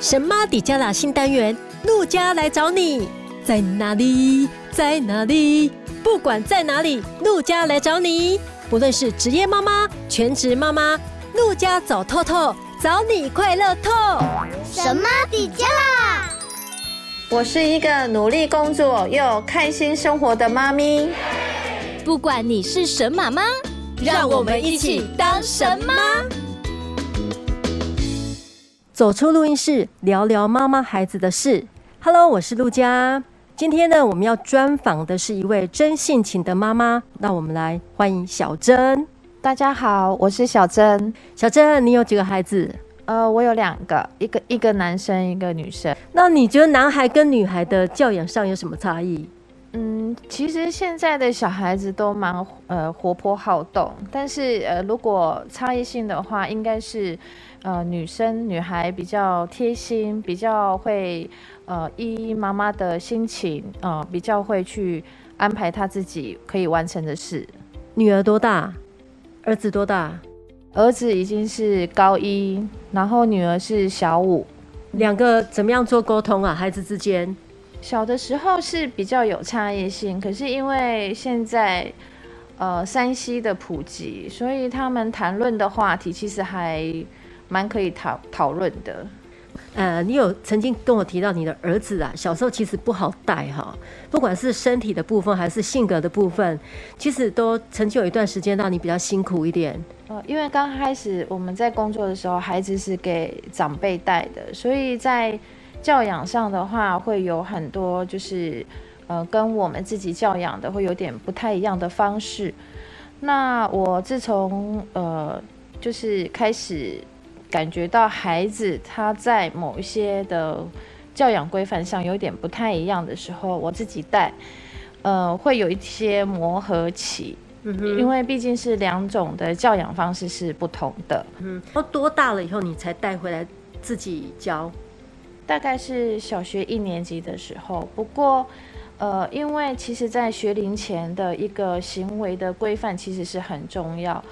神媽底加拉新單元，路加來找你，在哪裡，在哪裡？不管在哪裡，路加來找你。不論是職業媽媽、全職媽媽，路加走透透，找你快樂 talk。神媽底加拉，我是一個努力工作又開心生活的媽咪。不管你是神媽嗎？讓我們一起當神媽。走出錄音室，聊聊媽媽孩子的事。Hello，我是路加。今天呢，我們要專訪的是一位真性情的媽媽。那我們來歡迎小禎。大家好，我是小禎。小禎，你有幾個孩子？呃，我有兩個，一個一個男生，一個女生。那你覺得男孩跟女孩的教養上有什麼差異？其實現在的小孩子都蠻呃活潑好動，但是呃如果差異性的話，應該是呃女生女孩比較貼心，比較會呃依依媽媽的心情啊、呃，比較會去安排她自己可以完成的事。女兒多大？兒子多大？兒子已經是高一，然後女兒是小五。兩個怎麼樣做溝通啊？孩子之間？小的時候是比較有差異性，可是因為現在，呃，3C 的普及，所以他們談論的話題其實還蠻可以討討論的。呃，你有曾經跟我提到你的兒子啊，小時候其實不好帶哈、哦，不管是身體的部分還是性格的部分，其實都曾經有一段時間讓你比較辛苦一點。呃，因為剛開始我們在工作的時候，孩子是給長輩帶的，所以在教養上的話，會有很多就是，呃，跟我們自己教養的會有點不太一樣的方式。那我自從呃，就是開始感覺到孩子他在某一些的教養規範上有點不太一樣的時候，我自己帶，呃，會有一些磨合期，嗯，因為畢竟是兩種的教養方式是不同的。嗯，都多大了以後你才帶回來自己教？大概是小學一年級的時候，不過，呃，因為其實，在學齡前的一個行為的規範其實是很重要，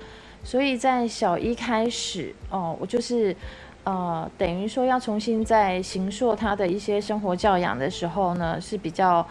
所以在小一開始，哦、呃，我就是，呃，等於說要重新在形塑他的一些生活教養的時候呢，是比較，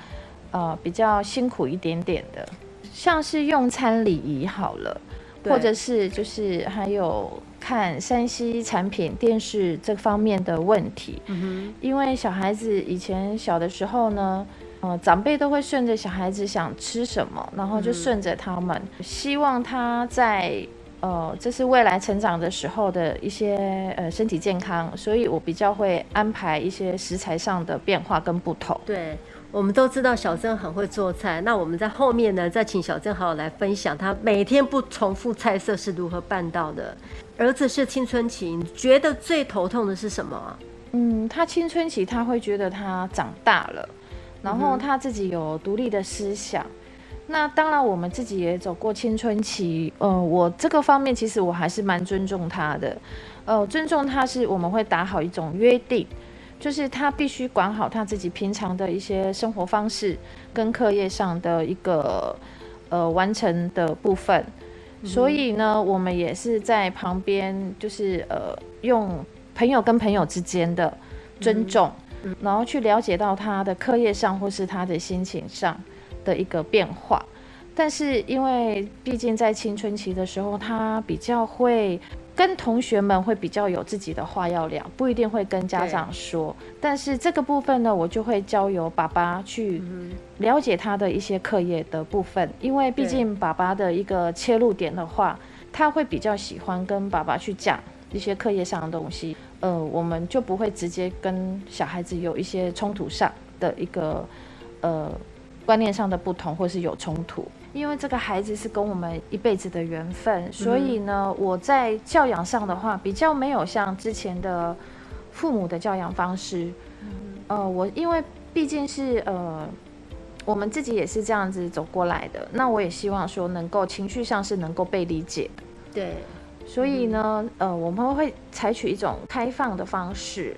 呃，比較辛苦一點點的，像是用餐禮儀好了，或者是就是還有。看山西產品、電視這方面的問題，嗯哼，因為小孩子以前小的時候呢，呃，長輩都會順着小孩子想吃什麼，然後就順着他們，嗯哼，希望他在呃，這是未來成長的時候的一些呃身體健康，所以我比較會安排一些食材上的變化跟不同，對。我們都知道小禎很會做菜，那我們在後面呢，再請小禎好好來分享他每天不重複菜色是如何辦到的。兒子是青春期，你覺得最頭痛的是什麼啊？嗯，他青春期他會覺得他長大了，嗯，然後他自己有獨立的思想。那當然，我們自己也走過青春期。呃，我這個方面其實我還是蠻尊重他的。呃，尊重他是我們會打好一種約定。就是他必須管好他自己平常的一些生活方式跟課業上的一個呃完成的部分，所以呢，我們也是在旁邊，就是呃用朋友跟朋友之間的尊重，然後去了解到他的課業上或是他的心情上的一個變化，但是因為畢竟在青春期的時候，他比較會。跟同學們會比較有自己的話要聊，不一定會跟家長說。但是這個部分呢，我就會交由爸爸去了解他的一些課業的部分，嗯、因為畢竟爸爸的一個切入點的話，他會比較喜歡跟爸爸去講一些課業上的東西。呃，我們就不會直接跟小孩子有一些衝突上的一個呃觀念上的不同，或是有衝突。因為這個孩子是跟我們一輩子的緣分、嗯，所以呢，我在教養上的話，比較沒有像之前的父母的教養方式。嗯、呃，我因為畢竟是呃，我們自己也是這樣子走過來的，那我也希望說能夠情緒上是能夠被理解。對，所以呢，呃，我們會採取一種開放的方式。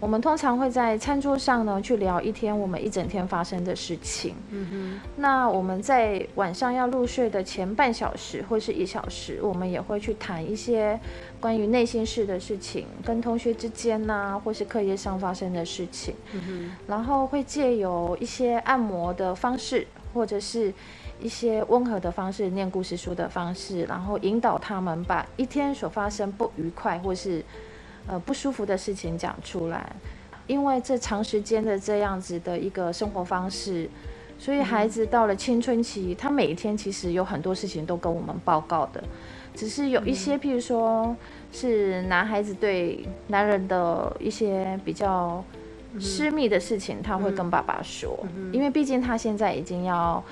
我們通常會在餐桌上呢，去聊一天我們一整天發生的事情。嗯嗯。那我們在晚上要入睡的前半小時或是一小時，我們也會去談一些關於內心事的事情，跟同學之間吶、啊，或是課業上發生的事情。嗯哼。然後會借由一些按摩的方式，或者是一些溫和的方式，念故事書的方式，然後引導他們把一天所發生不愉快或是。呃，不舒服的事情講出來，因為這長時間的這樣子的一個生活方式，所以孩子到了青春期，嗯、他每一天其實有很多事情都跟我們報告的，只是有一些、嗯，譬如說，是男孩子對男人的一些比較私密的事情，嗯、他會跟爸爸說。嗯嗯，因為畢竟他現在已經要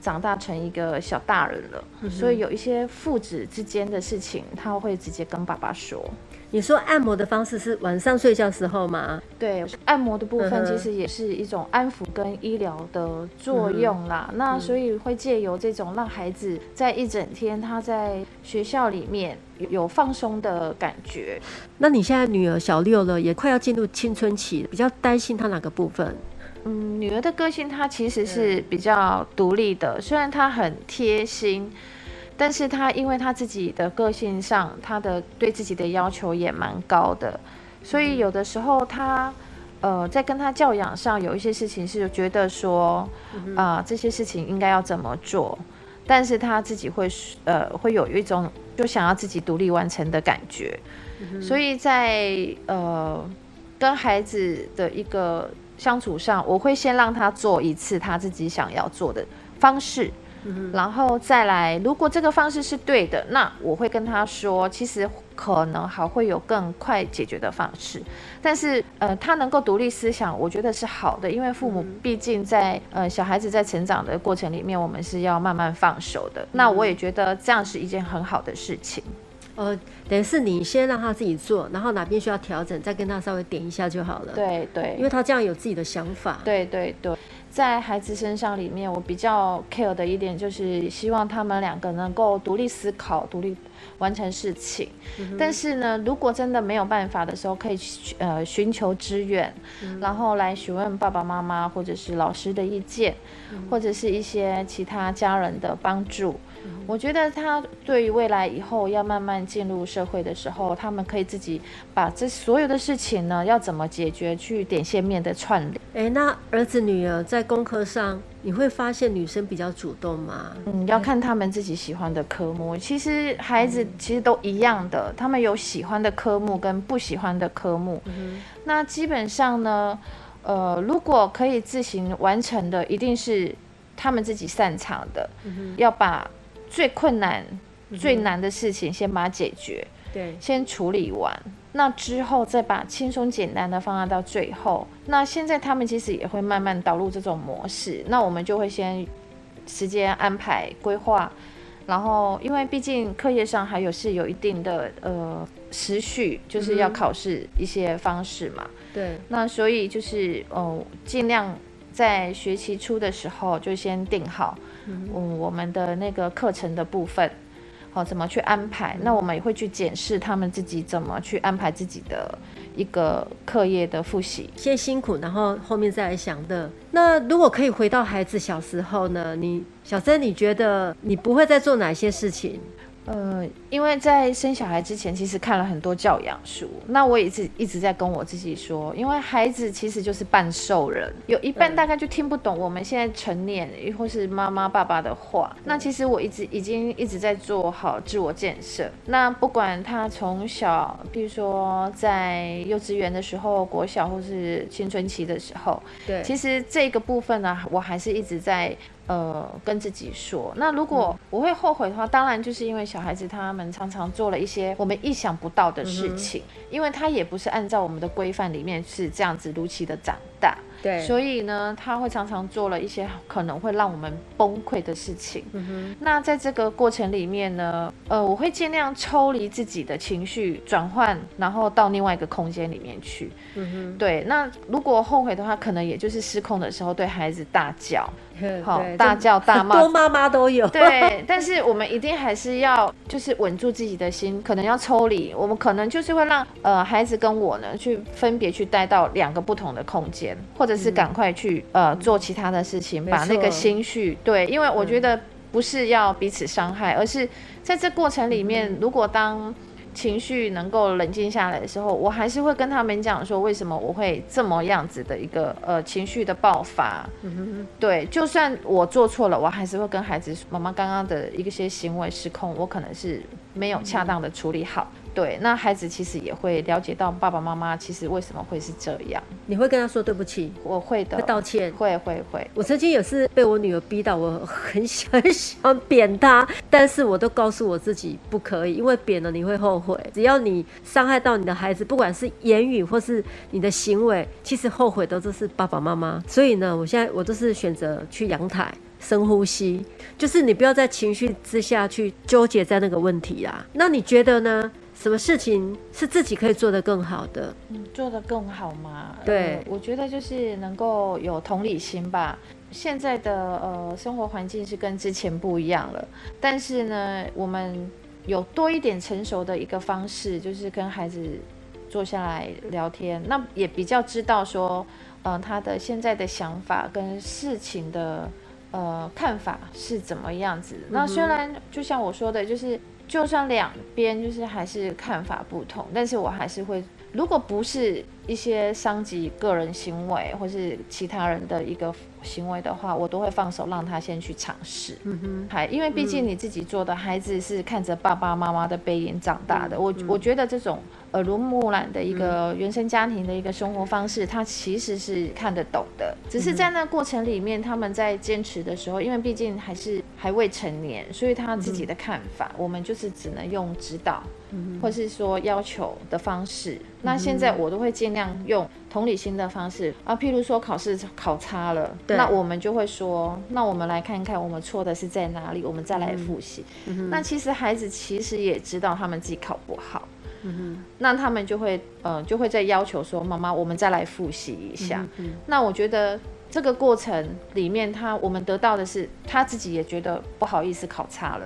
長大成一個小大人了，嗯，所以有一些父子之間的事情，他會直接跟爸爸說。你說按摩的方式是晚上睡覺時候嗎？對，按摩的部分其實也是一種安撫跟醫療的作用啦。Uh -huh. 那所以會借由這種讓孩子在一整天他在學校裡面有放鬆的感覺。那你現在女兒小六了，也快要進入青春期，比較擔心她哪個部分？嗯，女兒的個性她其實是比較獨立的，雖然她很貼心。但是他因為他自己的個性上，他的對自己的要求也蠻高的，所以有的時候他，呃，在跟他教養上有一些事情是覺得說，啊、呃，這些事情應該要怎麼做，但是他自己會，呃，會有一種就想要自己獨立完成的感覺，所以在呃跟孩子的一個相處上，我會先讓他做一次他自己想要做的方式。然後再來，如果這個方式是對的，那我會跟他說，其實可能還會有更快解決的方式。但是，呃，他能夠獨立思想，我覺得是好的，因為父母畢竟在呃小孩子在成長的過程裡面，我們是要慢慢放手的。嗯。那我也覺得這樣是一件很好的事情。嗯。呃，等於是你先讓他自己做，然後哪邊需要調整，再跟他稍微點一下就好了。對對，因為他這樣有自己的想法。對對對。在孩子身上裡面，我比較 care 的一點就是希望他們兩個能夠獨立思考、獨立完成事情。Mm -hmm. 但是呢，如果真的沒有辦法的時候，可以呃尋求支援，mm -hmm. 然後來詢問爸爸媽媽或者是老師的意見，mm -hmm. 或者是一些其他家人的幫助。嗯、我覺得他對於未來以後要慢慢進入社會的時候，他們可以自己把這所有的事情呢，要怎麼解決，去點線面的串聯。哎、欸，那兒子女兒在功課上，你會發現女生比較主動嗎？嗯，要看他們自己喜歡的科目。其實孩子其實都一樣的，嗯、他們有喜歡的科目跟不喜歡的科目、嗯。那基本上呢，呃，如果可以自行完成的，一定是他們自己擅長的。嗯、要把。最困難、最難的事情，先把它解決、嗯，對，先處理完，那之後再把輕鬆簡單的放到最後。那現在他們其實也會慢慢導入這種模式，那我們就會先時間安排規劃，然後因為畢竟課業上還有是有一定的呃時序，就是要考試一些方式嘛，嗯、對，那所以就是呃盡量。在學期初的時候就先定好嗯，嗯，我們的那個課程的部分，好、哦、怎麼去安排、嗯？那我們也會去檢視他們自己怎麼去安排自己的一個課業的複習，先辛苦，然後後面再來想的。那如果可以回到孩子小時候呢？你小禎，你覺得你不會再做哪些事情？嗯，因為在生小孩之前，其實看了很多教養書。那我也是一直在跟我自己說，因為孩子其實就是半獸人，有一半大概就聽不懂我們現在成年或是媽媽爸爸的話。那其實我一直已經一直在做好自我建設。那不管他從小，比如說在幼稚園的時候、國小或是青春期的時候，對，其實這個部分呢、啊，我還是一直在。呃，跟自己說。那如果我會後悔的話、嗯，當然就是因為小孩子他們常常做了一些我們意想不到的事情，嗯、因為他也不是按照我們的規範裡面是這樣子如期的長大。對，所以呢，他會常常做了一些可能會讓我們崩潰的事情。嗯哼。那在這個過程裡面呢，呃，我會盡量抽離自己的情緒，轉換，然後到另外一個空間裡面去。嗯哼。對，那如果後悔的話，可能也就是失控的時候對孩子大叫。呵呵，好，大叫大罵，多媽媽都有。對， 但是我們一定還是要，就是穩住自己的心，可能要抽離。我們可能就是會讓呃孩子跟我呢去分別去帶到兩個不同的空間，或者是趕快去、嗯、呃、嗯、做其他的事情，嗯、把那個心緒對。因為我覺得不是要彼此傷害、嗯，而是在這過程裡面，嗯、如果當。情緒能夠冷靜下來的時候，我還是會跟他們講說，為什麼我會這麼樣子的一個呃情緒的爆發。嗯哼哼。對，就算我做錯了，我還是會跟孩子說，媽媽剛剛的一些行為失控，我可能是沒有恰當的處理好。嗯對，那孩子其實也會了解到爸爸媽媽其實為什麼會是這樣。你會跟他說對不起？我會的，會道歉，會會會。我曾經有次被我女兒逼到，我很很想扁她，但是我都告訴我自己不可以，因為扁了你會後悔。只要你傷害到你的孩子，不管是言語或是你的行為，其實後悔的都是爸爸媽媽。所以呢，我現在我都是選擇去陽台。深呼吸，就是你不要在情緒之下去糾結在那個問題啊。那你覺得呢？什麼事情是自己可以做得更好的？嗯，做得更好嗎？對，呃、我覺得就是能夠有同理心吧。現在的呃生活環境是跟之前不一樣了，但是呢，我們有多一點成熟的一個方式，就是跟孩子坐下來聊天，那也比較知道說，嗯、呃，他的現在的想法跟事情的。呃，看法是怎麼樣子的，嗯？那雖然就像我說的，就是，就是就算兩邊就是還是看法不同，但是我還是會。如果不是一些傷及個人行為或是其他人的一個行為的話，我都會放手讓他先去嘗試。嗯哼，還因為畢竟你自己做的，孩子是看着爸爸媽媽的背影長大的。嗯、我我覺得這種耳濡目染的一個原生家庭的一個生活方式，他、嗯、其實是看得懂的。只是在那過程裡面，他們在堅持的時候，因為畢竟還是還未成年，所以他自己的看法，嗯、我們就是只能用指導。或是說要求的方式，嗯、那現在我都會盡量用同理心的方式、嗯、啊，譬如說考試考差了，那我們就會說，那我們來看一看我們錯的是在哪裡，我們再來複習、嗯。那其實孩子其實也知道他們自己考不好，嗯、那他們就會嗯、呃，就會再要求說媽媽，媽媽，我們再來複習一下、嗯。那我覺得這個過程裡面他，他我們得到的是他自己也覺得不好意思考差了。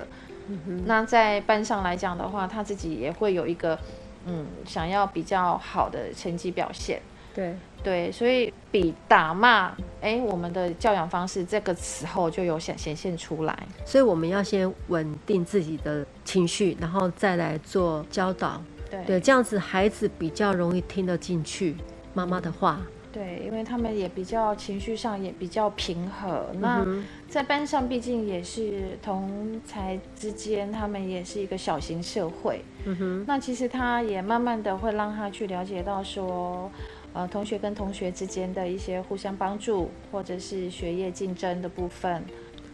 那在班上來講的話，他自己也會有一個，嗯，想要比較好的成績表現。對對，所以比打罵，哎，我們的教養方式這個時候就有顯顯現出來。所以我們要先穩定自己的情緒，然後再來做教導。對對，這樣子孩子比較容易聽得進去媽媽的話。對，因為他們也比較情緒上也比較平和，嗯、那在班上畢竟也是同儕之間，他們也是一個小型社會。嗯哼，那其實他也慢慢的會讓他去了解到說，呃，同學跟同學之間的一些互相幫助，或者是學業競爭的部分，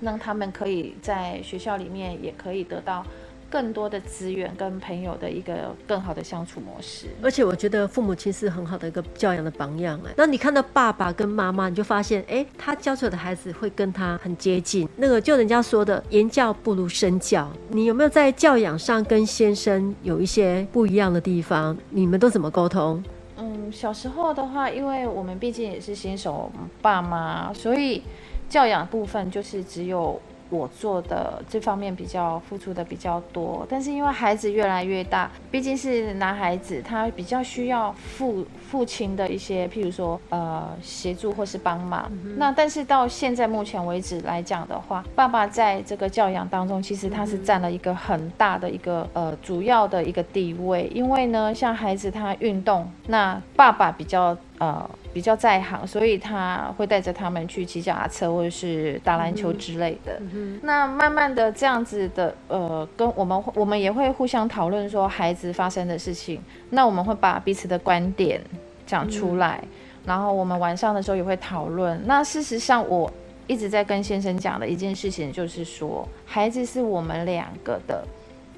讓他們可以在學校裡面也可以得到。更多的資源跟朋友的一個更好的相處模式，而且我覺得父母親是很好的一個教養的榜樣啊。那你看到爸爸跟媽媽，你就發現，哎、欸，他教出來的孩子會跟他很接近。那個就人家說的“言教不如身教”，你有沒有在教養上跟先生有一些不一樣的地方？你們都怎麼溝通？嗯，小時候的話，因為我們畢竟也是新手爸媽，所以教養部分就是只有。我做的這方面比較付出的比較多，但是因為孩子越來越大，畢竟是男孩子，他比較需要父父親的一些，譬如說呃協助或是幫忙、嗯。那但是到現在目前為止來講的話，爸爸在這個教養當中，其實他是佔了一個很大的一個呃主要的一個地位，因為呢，像孩子他運動，那爸爸比較。呃，比較在行，所以他會帶着他們去騎腳踏車或者是打籃球之類的。嗯嗯。那慢慢的這樣子的，呃，跟我們我們也會互相討論說孩子發生的事情。那我們會把彼此的觀點講出來，嗯，然後我們晚上的時候也會討論。那事實上，我一直在跟先生講的一件事情就是說，孩子是我們兩個的，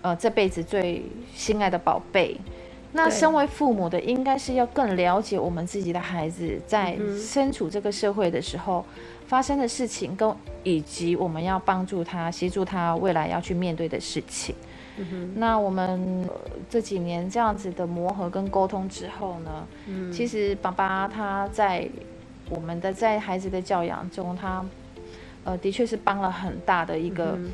呃，這輩子最心愛的寶貝。那身為父母的，應該是要更了解我們自己的孩子，在身處這個社會的時候發生的事情，跟以及我們要幫助他、協助他未來要去面對的事情。Mm -hmm. 那我們、呃、這幾年這樣子的磨合跟溝通之後呢，mm -hmm. 其實爸爸他在我們的在孩子的教養中，他呃的確是幫了很大的一個、mm -hmm.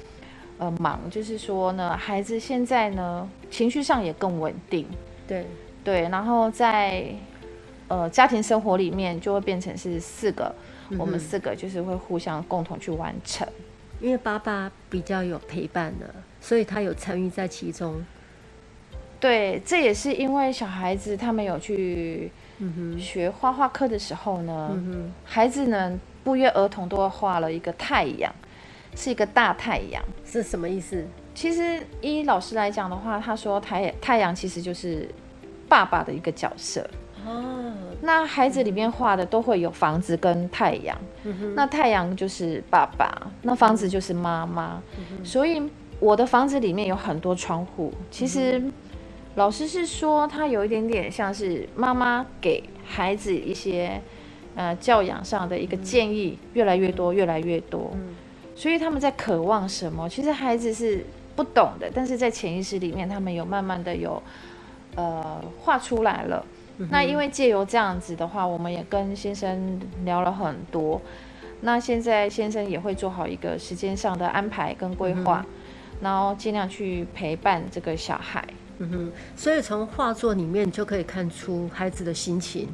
呃忙，就是說呢，孩子現在呢情緒上也更穩定。對對，然後在呃家庭生活裡面，就會變成是四個、嗯，我們四個就是會互相共同去完成。因為爸爸比較有陪伴的，所以他有參與在其中。對，這也是因為小孩子他們有去學畫畫課的時候呢，嗯、孩子呢不約而同都會畫了一個太陽，是一個大太陽，是什麼意思？其實以老師來講的話，他說太太陽其實就是爸爸的一個角色、啊、那孩子裡面畫的都會有房子跟太陽、嗯，那太陽就是爸爸，那房子就是媽媽、嗯。所以我的房子裡面有很多窗戶、嗯。其實老師是說，他有一點點像是媽媽給孩子一些呃教養上的一個建議、嗯，越來越多，越來越多、嗯。所以他們在渴望什麼？其實孩子是。不懂的，但是在潛意識裡面，他們有慢慢的有，呃，畫出來了。嗯、那因為借由這樣子的話，我們也跟先生聊了很多。那現在先生也會做好一個時間上的安排跟規劃、嗯，然後盡量去陪伴這個小孩。嗯哼，所以從畫作裡面就可以看出孩子的心情，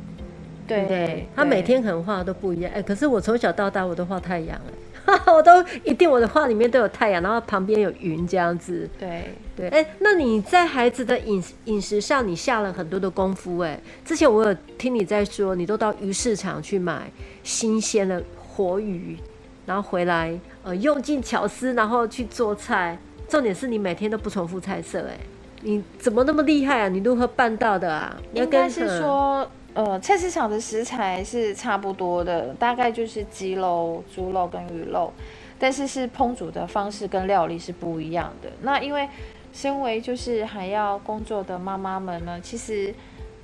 對，對。他每天可能畫都不一樣。哎、欸，可是我從小到大我都畫太陽了 我都一定我的畫裡面都有太陽，然後旁邊有雲這樣子。對對，哎，那你在孩子的飲飲食上，你下了很多的功夫哎、欸。之前我有聽你在說，你都到魚市場去買新鮮的活魚，然後回來呃用盡巧思，然後去做菜。重點是你每天都不重複菜色、欸，哎，你怎麼那麼厲害啊？你如何辦到的啊？應該是說。呃、嗯，菜市場的食材是差不多的，大概就是雞肉、豬肉跟魚肉，但是是烹煮的方式跟料理是不一樣的。那因為身為就是還要工作的媽媽們呢，其實。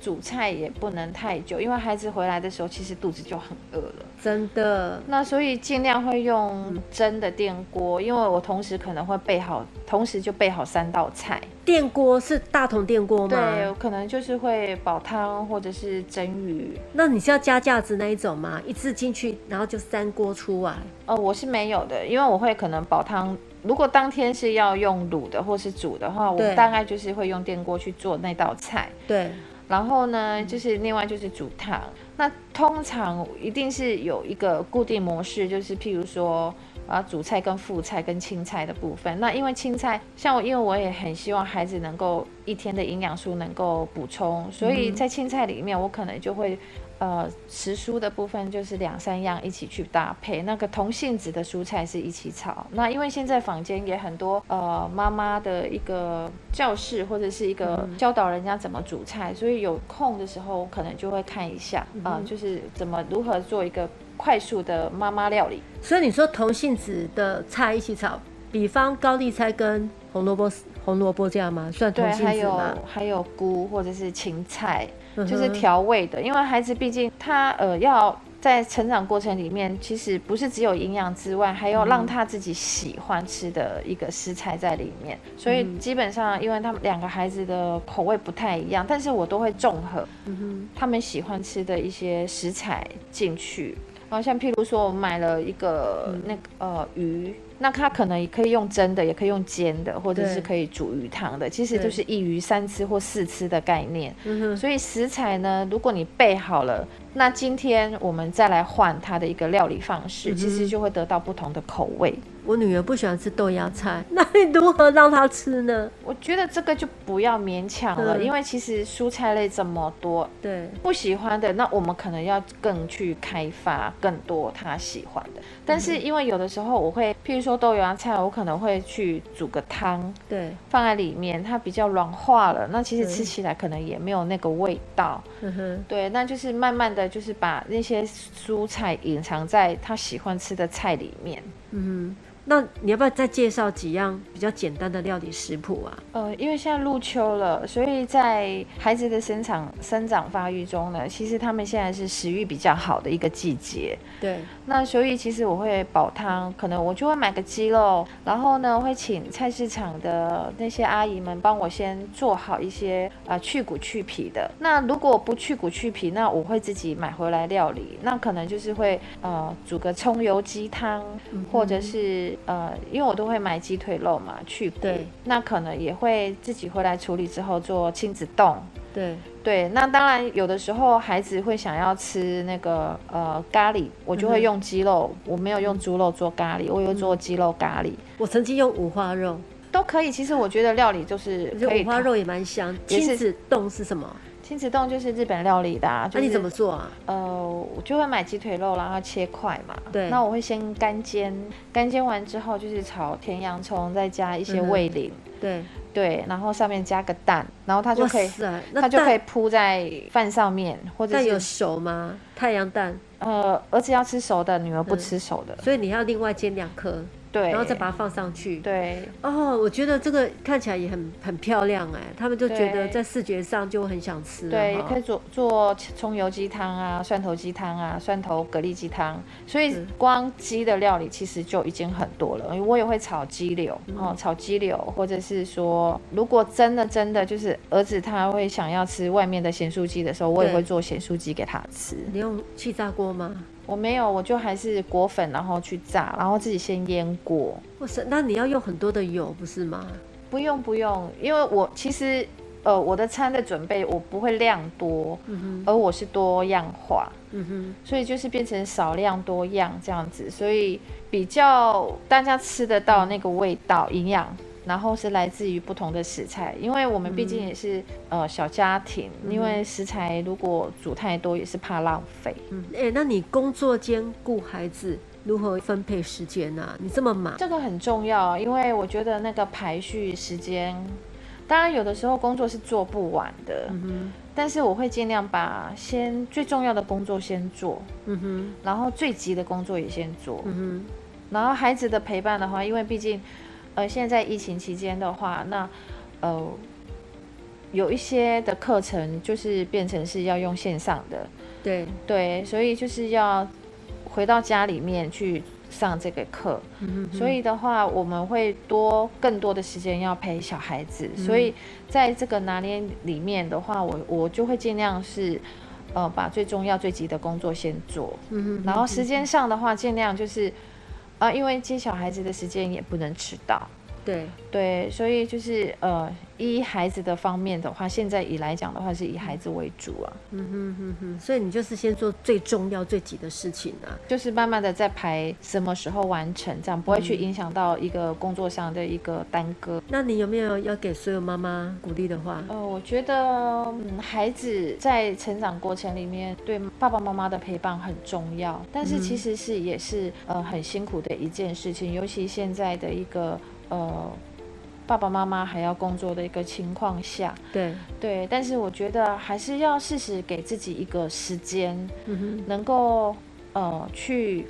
煮菜也不能太久，因為孩子回來的時候其實肚子就很餓了，真的。那所以儘量會用蒸的電鍋、嗯，因為我同時可能會備好，同時就備好三道菜。電鍋是大同電鍋嗎？對，可能就是會煲湯或者是蒸魚。那你是要加架子那一種嗎？一次進去，然後就三鍋出完？哦、呃，我是沒有的，因為我會可能煲湯，如果當天是要用滷的或是煮的話，我大概就是會用電鍋去做那道菜。對。然後呢，就是另外就是煮湯。那通常一定是有一個固定模式，就是譬如說，啊，主菜跟副菜跟青菜的部分。那因為青菜，像我，因為我也很希望孩子能夠一天的營養素能夠補充，所以在青菜裡面，我可能就會。呃，食蔬的部分就是兩三樣一起去搭配，那個同性子的蔬菜是一起炒。那因為現在坊間也很多呃媽媽的一個教室或者是一個教導人家怎麼煮菜，嗯、所以有空的時候我可能就會看一下啊、嗯呃，就是怎麼如何做一個快速的媽媽料理。所以你說同性子的菜一起炒，比方高麗菜跟。紅蘿蔔，紅蘿蔔這樣嗎？算對，還有還有菇或者是芹菜，嗯、就是調味的。因為孩子畢竟他呃要在成長過程裡面，其實不是只有營養之外，還要讓他自己喜歡吃的一個食材在裡面。嗯、所以基本上，因為他們兩個孩子的口味不太一樣，但是我都會綜合他們喜歡吃的一些食材進去。然後像譬如說，我買了一個那個、嗯、呃魚。那它可能也可以用蒸的，也可以用煎的，或者是可以煮魚湯的。其實就是一魚三吃或四吃的概念。所以食材呢，如果你備好了，那今天我們再來換它的一個料理方式，其實就會得到不同的口味。嗯我女兒不喜歡吃豆芽菜，那你如何讓她吃呢？我覺得這個就不要勉強了，因為其實蔬菜類這麼多，對不喜歡的，那我們可能要更去開發更多她喜歡的。嗯哼。但是因為有的時候，我會譬如說豆芽菜，我可能會去煮個湯，對，放在裡面，它比較軟化了，那其實吃起來可能也沒有那個味道。嗯哼，對，那就是慢慢的就是把那些蔬菜隱藏在她喜歡吃的菜裡面。嗯哼。那你要不要再介紹幾樣比較簡單的料理食譜啊？呃，因為現在入秋了，所以在孩子的生長生長發育中呢，其實他們現在是食欲比較好的一個季節。對。那所以其實我會煲湯，可能我就會買個雞肉，然後呢會請菜市場的那些阿姨們幫我先做好一些啊、呃、去骨去皮的。那如果不去骨去皮，那我會自己買回來料理。那可能就是會呃煮個蔥油雞湯，嗯、或者是。呃，因為我都會買雞腿肉嘛，去骨，那可能也會自己回來處理之後做親子丼。對對，那當然有的時候孩子會想要吃那個呃咖喱，我就會用雞肉、嗯，我沒有用豬肉做咖喱，我會做雞肉咖喱。我曾經用五花肉都可以，其實我覺得料理就是，是五花肉也蠻香。親子丼是什麼？親子丼就是日本料理的。啊，那、就是啊、你怎麼做啊？呃，我就會買雞腿肉，然後切塊嘛。對，那我會先乾煎，乾煎完之後就是炒甜洋蔥，再加一些味醂、嗯。對對，然後上面加個蛋，然後它就可以，它就可以鋪在飯上面。或者是有熟嗎？太陽蛋？呃，兒子要吃熟的，女兒不吃熟的，嗯、所以你要另外煎兩顆。對，然後再把它放上去。對哦，oh, 我覺得這個看起來也很很漂亮哎、欸，他們就覺得在視覺上就很想吃。對，也可以做做蔥油雞湯啊，蒜頭雞湯啊，蒜頭蛤蜊雞湯。所以光雞的料理其實就已經很多了，因為我也會炒雞柳，哦、嗯，炒雞柳，或者是說，如果真的真的就是兒子他會想要吃外面的鹹酥雞的時候，我也會做鹹酥雞給他吃。你用氣炸鍋嗎？我沒有，我就還是裹粉，然後去炸，然後自己先醃過。哇塞，那你要用很多的油，不是嗎？不用不用，因為我其實呃我的餐的準備我不會量多，嗯哼，而我是多樣化，嗯哼，所以就是變成少量多樣這樣子，所以比較大家吃得到那個味道營養。然後是來自於不同的食材，因為我們畢竟也是、嗯、呃小家庭、嗯，因為食材如果煮太多也是怕浪費。嗯，哎、欸，那你工作兼顧孩子，如何分配時間呢、啊？你這麼忙，這個很重要，因為我覺得那個排序時間，當然有的時候工作是做不完的，嗯哼，但是我會儘量把先最重要的工作先做，嗯哼，然後最急的工作也先做，嗯哼，然後孩子的陪伴的話，因為畢竟。呃，現在疫情期間的話，那呃，有一些的課程就是變成是要用線上的，對對，所以就是要回到家裡面去上這個課。嗯、所以的話，我們會多更多的時間要陪小孩子，嗯、所以在這個拿捏裡面的話，我我就會儘量是呃把最重要、最急的工作先做，嗯嗯，然後時間上的話，儘量就是。啊，因為接小孩子的時間也不能遲到。對對，所以就是呃，依孩子的方面的話，現在以來講的話是以孩子為主啊。嗯哼哼哼，所以你就是先做最重要、最急的事情啊，就是慢慢的在排什麼時候完成，這樣不會去影響到一個工作上的一個耽擱。嗯。那你有沒有要給所有媽媽鼓勵的話？呃，我覺得嗯，孩子在成長過程裡面對爸爸媽媽的陪伴很重要，但是其實是、嗯、也是呃很辛苦的一件事情，尤其現在的一個。呃，爸爸媽媽還要工作的一個情況下，對對，但是我覺得還是要適時給自己一個時間，嗯、能夠呃去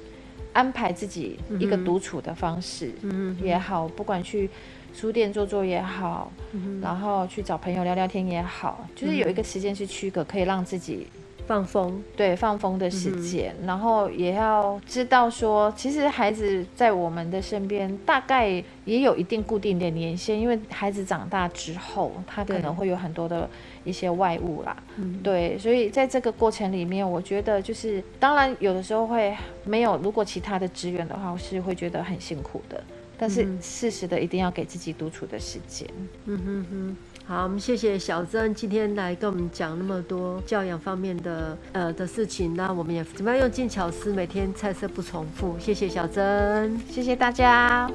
安排自己一個獨處的方式，嗯也好，不管去書店坐坐也好、嗯，然後去找朋友聊聊天也好，嗯、就是有一個時間是區隔，可以讓自己。放風，對，放風的時間，嗯，然後也要知道說，其實孩子在我們的身邊，大概也有一定固定的年限，因為孩子長大之後，他可能會有很多的一些外物啦，對，對，所以在這個過程裡面，我覺得就是，當然有的時候會沒有，如果其他的資源的話，我是會覺得很辛苦的，但是適時的一定要給自己獨處的時間。嗯嗯嗯。好，我們謝謝小禎今天來跟我們講那麼多教養方面的呃的事情，那我們也怎麼樣用盡巧思每天菜色不重複，謝謝小禎，謝謝大家。